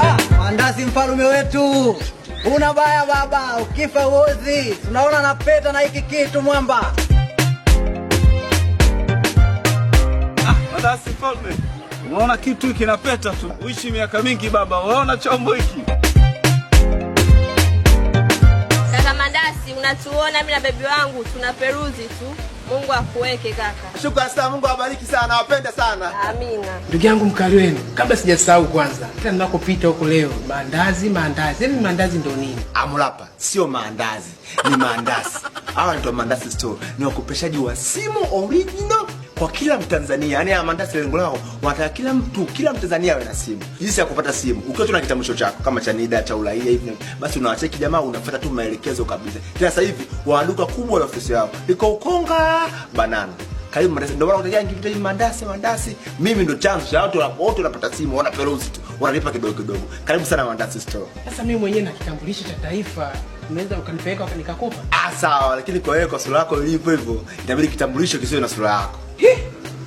Ah, mandazi mfalume wetu, una baya baba, ukifa uozi. Tunaona napeta na hiki kitu mwamba. Ah, mandazi mfalume, unaona kitu kinapeta tu, uishi miaka mingi baba, unaona chombo hiki sasa. Mandazi, unatuona mimi na bebi wangu tunaperuzi tu Mungu akuweke kaka. Shukrani sana, Mungu awabariki sana, nawapenda sana. Amina. Ndugu yangu mkali wenu, kabla sijasahau, kwanza hata ninakopita huko leo, maandazi maandazi. Yaani Hivi maandazi ndio nini? Amulapa sio maandazi, ni maandazi hawa ndio maandazi store, ni wakopeshaji wa simu original kwa kila Mtanzania, yani amandasi lengo lao wanataka kila mtu, kila Mtanzania awe na simu. Jinsi ya kupata simu, ukiwa tu na kitambulisho chako kama cha NIDA cha uraia hivi, basi unawacheki jamaa, unafuata tu maelekezo kabisa. Tena sasa hivi waduka kubwa la ofisi yao liko Ukonga Banana karibu mandasi. Ndio maana utaja ngivitaji mandasi mandasi, mimi ndo chanzo cha watu wa wote wanapata simu, wana peruzi tu, wanalipa kidogo kidogo. Karibu sana Mandasi Store. Sasa mimi mwenyewe na kitambulisho cha taifa unaweza ukanipeleka nikakopa. Ah, sawa, lakini kwa wewe kwa sura yako ilivyo hivyo, inabidi kitambulisho kisiwe na sura yako.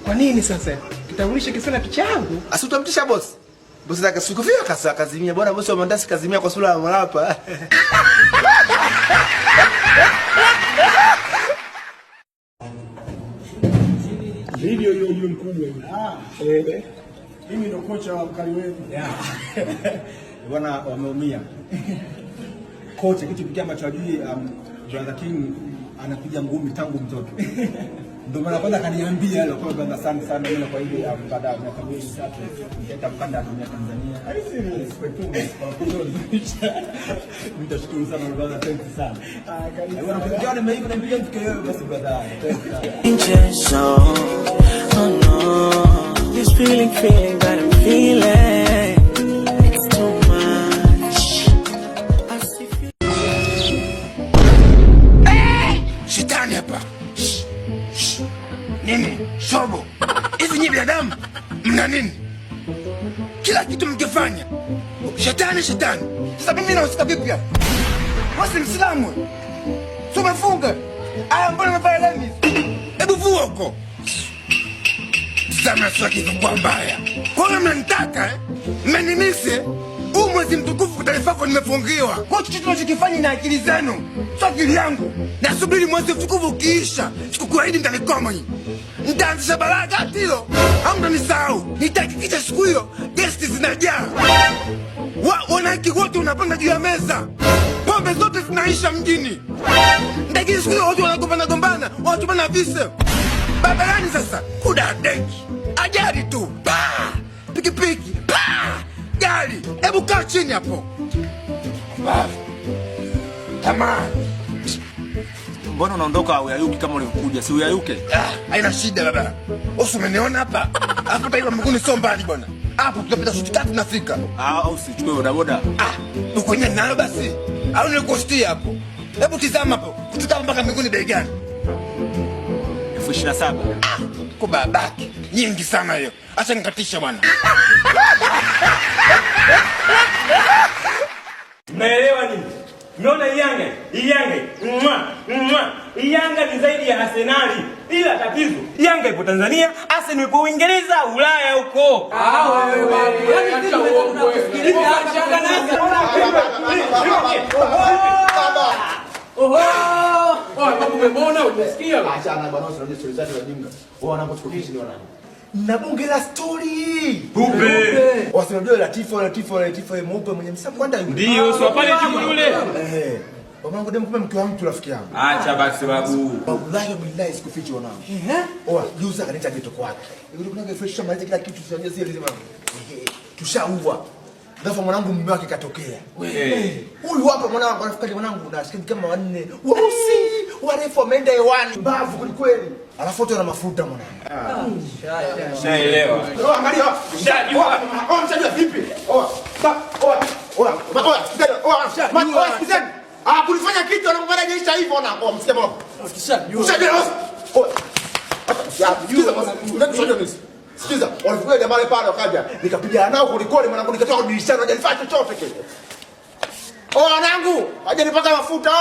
kwa nini sasa? Kitambulisho kisiwe na picha yangu? Asi ah, utamtisha bosi. Bosi zake sikufia kasa kazimia. Bora bosi wa mandasi kazimia kwa sura ya mwalapa. Video hiyo hiyo mkubwa hiyo. Ah, eh. Mimi ndo kocha wa mkali wetu. Bwana wameumia. kocha, kitu pekee ambacho ajui um, brother King anapiga ngumi tangu mtoto ndio maana kwanza kaniambia hilo kwa brother, sana sana mimi kwa hivi um, baada ya miaka mingi sasa nikaenda mkanda wa dunia Tanzania. Nitashukuru sana brother, thank ah, you sana. Bwana kwa hiyo nimeiko na mpiga mtu yeye basi brother. Thank you. Oh no. This feeling feeling that I'm feeling Waislamu mna nini? Kila kitu mkifanya shetani shetani. Sasa mimi nahusika vipi hapa? Wasi Mslamu so umefunga aya, mbona umevaa lemi Hebu vua huko. Sasa kwa mbaya, kwa mnanitaka eh? mmenimisi mwezi mtukufu utanifako nimefungiwa kwa chochote unachokifanya na akili zenu, sio akili yangu. Nasubiri mwezi mtukufu ukiisha, sikukuahidi mtanikoma hii Nitaanzisha balaa gatilo, hamtanisahau. Nitahakikisha siku hiyo gesti zinajaa, wanawake wote unapanda juu ya meza, pombe zote zinaisha mjini. Nitahakikisha siku hiyo watu wanagombana gombana, wanachumana vise barabarani. Sasa kuda deki ajari tu, paa pikipiki Kukubali. Hebu kaa chini hapo. Tamani. Mbona unaondoka uyayuki kama ulivyokuja? Si uyayuke? Ah, haina shida baba. Osu umeniona hapa. Hapo taifa mkuni sio mbali bwana. Hapo tutapita shuti tatu nafika. Ah, au sichukue boda boda. Ah, uko nyenye nayo basi. Au nilikustia hapo. Hebu tizama hapo. Kutoka mpaka mkuni bei gani? Elfu ishirini na saba. Ah, kubabaki. Nyingi sana hiyo. Acha nikatisha bwana. naelewa nini? Mnaona Yanga, Yanga, mwa, mwa. Yanga ni zaidi ya Arsenali. Ila tatizo, Yanga ipo Tanzania, Arsenal ipo Uingereza, Ulaya huko. Ah, wewe wewe na bunge la stori Bupe. Wasimamia Latifa, Latifa, Latifa mweupe mwenye msamo kwenda yule. Ndio, sio pale juu yule. Eh. Wamangu demu kumbe mke wangu tu rafiki yangu. Acha basi babu. Wallahi billahi sikufichi wanangu. Eh. Oa, oh, juzi akaniita geto kwake. Ndio kuna fresh kama kila kitu tunajua sisi lazima. Tushauwa. Ghafla mwanangu mume wake katokea. Wewe. Eh. Huyu hapa mwanangu anafikiri mwanangu na kama wanne. Wausi warefu wameenda hewani, mbavu kwelikweli, alafu wote wana mafuta mwana. Ah, Shaelewa. Angalia. Shajua. Oh, mshajua vipi? Oh. Oh. Oh. Ah, kulifanya kitu anamfanya jeshi hivyo na kwa msema. Ushajua. Ushajua. Sikiza, walifika jamaa pale wakaja, nikapigana nao kulikoni mwanangu, nikatoka dirishani, hajalifanya chochote kile. Oh, wanangu, aje nipaka mafuta.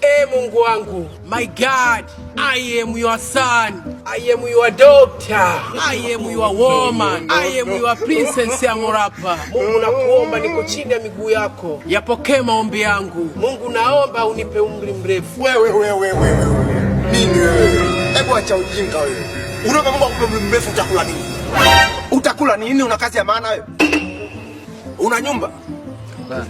Hey, eh, Mungu wangu. My God, I am your son. I am your daughter. I am your woman. I am your princess ya Morapa. Mungu nakuomba, niko chini ya miguu yako, yapokee maombi yangu. Mungu naomba unipe umri mrefu. Wewe wewe wewe wewe. Nini wewe? Hebu acha ujinga wewe. Unaomba Mungu akupe umri mrefu utakula nini? unakula ni nini? Una kazi ya maana wewe? Una nyumba?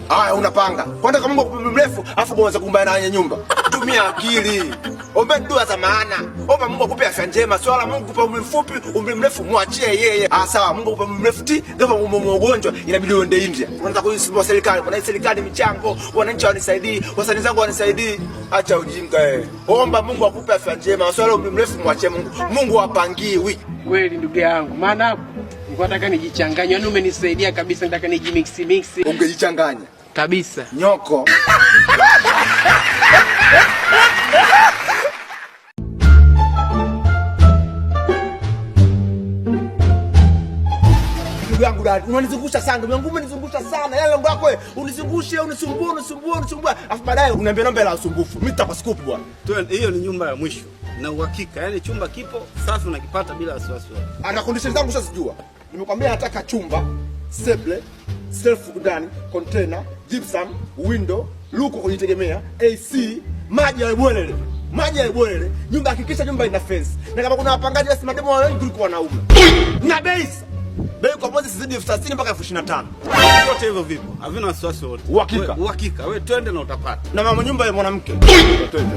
Haya, unapanga kwenda kwa Mungu mrefu, afu unaweza kumbana na wenye nyumba. Tumia akili, Ombe dua za maana, omba Mungu akupe afya njema. Swala Mungu kupa umri mfupi, umri mrefu mwachie yeye. Ah, sawa, Mungu kupa umri mrefu ti, ndio kwa mgonjwa inabidi uende India. Unataka kuisimbua serikali, kuna serikali michango, wananchi wanisaidii, wasanii zangu wanisaidii. Acha ujinga wewe, eh. omba Mungu akupe afya njema. Swala umri mrefu mwachie Mungu, Mungu apangie wiki. Kweli ndugu yangu, maana hapo Nilikuwa nataka nijichanganye, yaani umenisaidia kabisa, nataka nijimix mix. Ungejichanganya kabisa. Nyoko. unanizungusha sana ndugu umenizungusha sana. Yale mambo yako unizungushe, unisumbue, unisumbue, unisumbue, afu baadaye unaniambia naomba la usumbufu. Mimi bwana. Hiyo ni nyumba ya mwisho na uhakika, yaani chumba kipo safi, unakipata bila wasiwasi. Ana condition zangu sasa sijua. Nimekwambia nataka chumba seble, self ndani, container, gypsum, window, luko kujitegemea, AC, maji ya bwelele. Maji ya bwelele. Nyumba hakikisha nyumba ina fence. Na kama kuna wapangaji basi mademo wao wengi kuliko wanaume. Na base. Bei kwa mwezi sizidi elfu thelathini mpaka elfu ishirini na tano. Yote hivyo vipo. Havina wasiwasi wote. Uhakika. Uhakika. Wewe twende na utapata. Na mama nyumba ya mwanamke. Twende.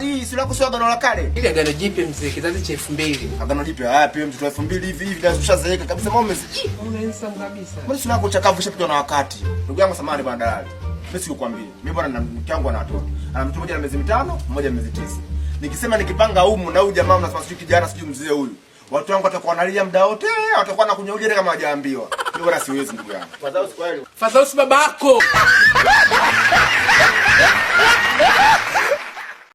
Hii si lako sio agano la kale. Ile agano jipya mzee, kizazi cha 2000. Agano jipya wapi? Mtoto wa 2000 hivi hivi ndio ushazeeka kabisa. Mbona umezi? Unaensa kabisa. Mbona sio lako chakavu shapitwa na wakati. Ndugu yangu samani bwana dalali. Mimi sikukwambia. Mimi bwana na mke wangu ana watoto. Ana mtu mmoja na miezi mitano, mmoja miezi tisa. Nikisema nikipanga humu na huyu jamaa mnasema sijui kijana sijui mzee huyu. Watu wangu watakuwa wanalia muda wote, watakuwa nakunywa ujere kama hawajaambiwa. Mimi bwana siwezi ndugu yangu. Fadhausi kweli. Fadhausi babako.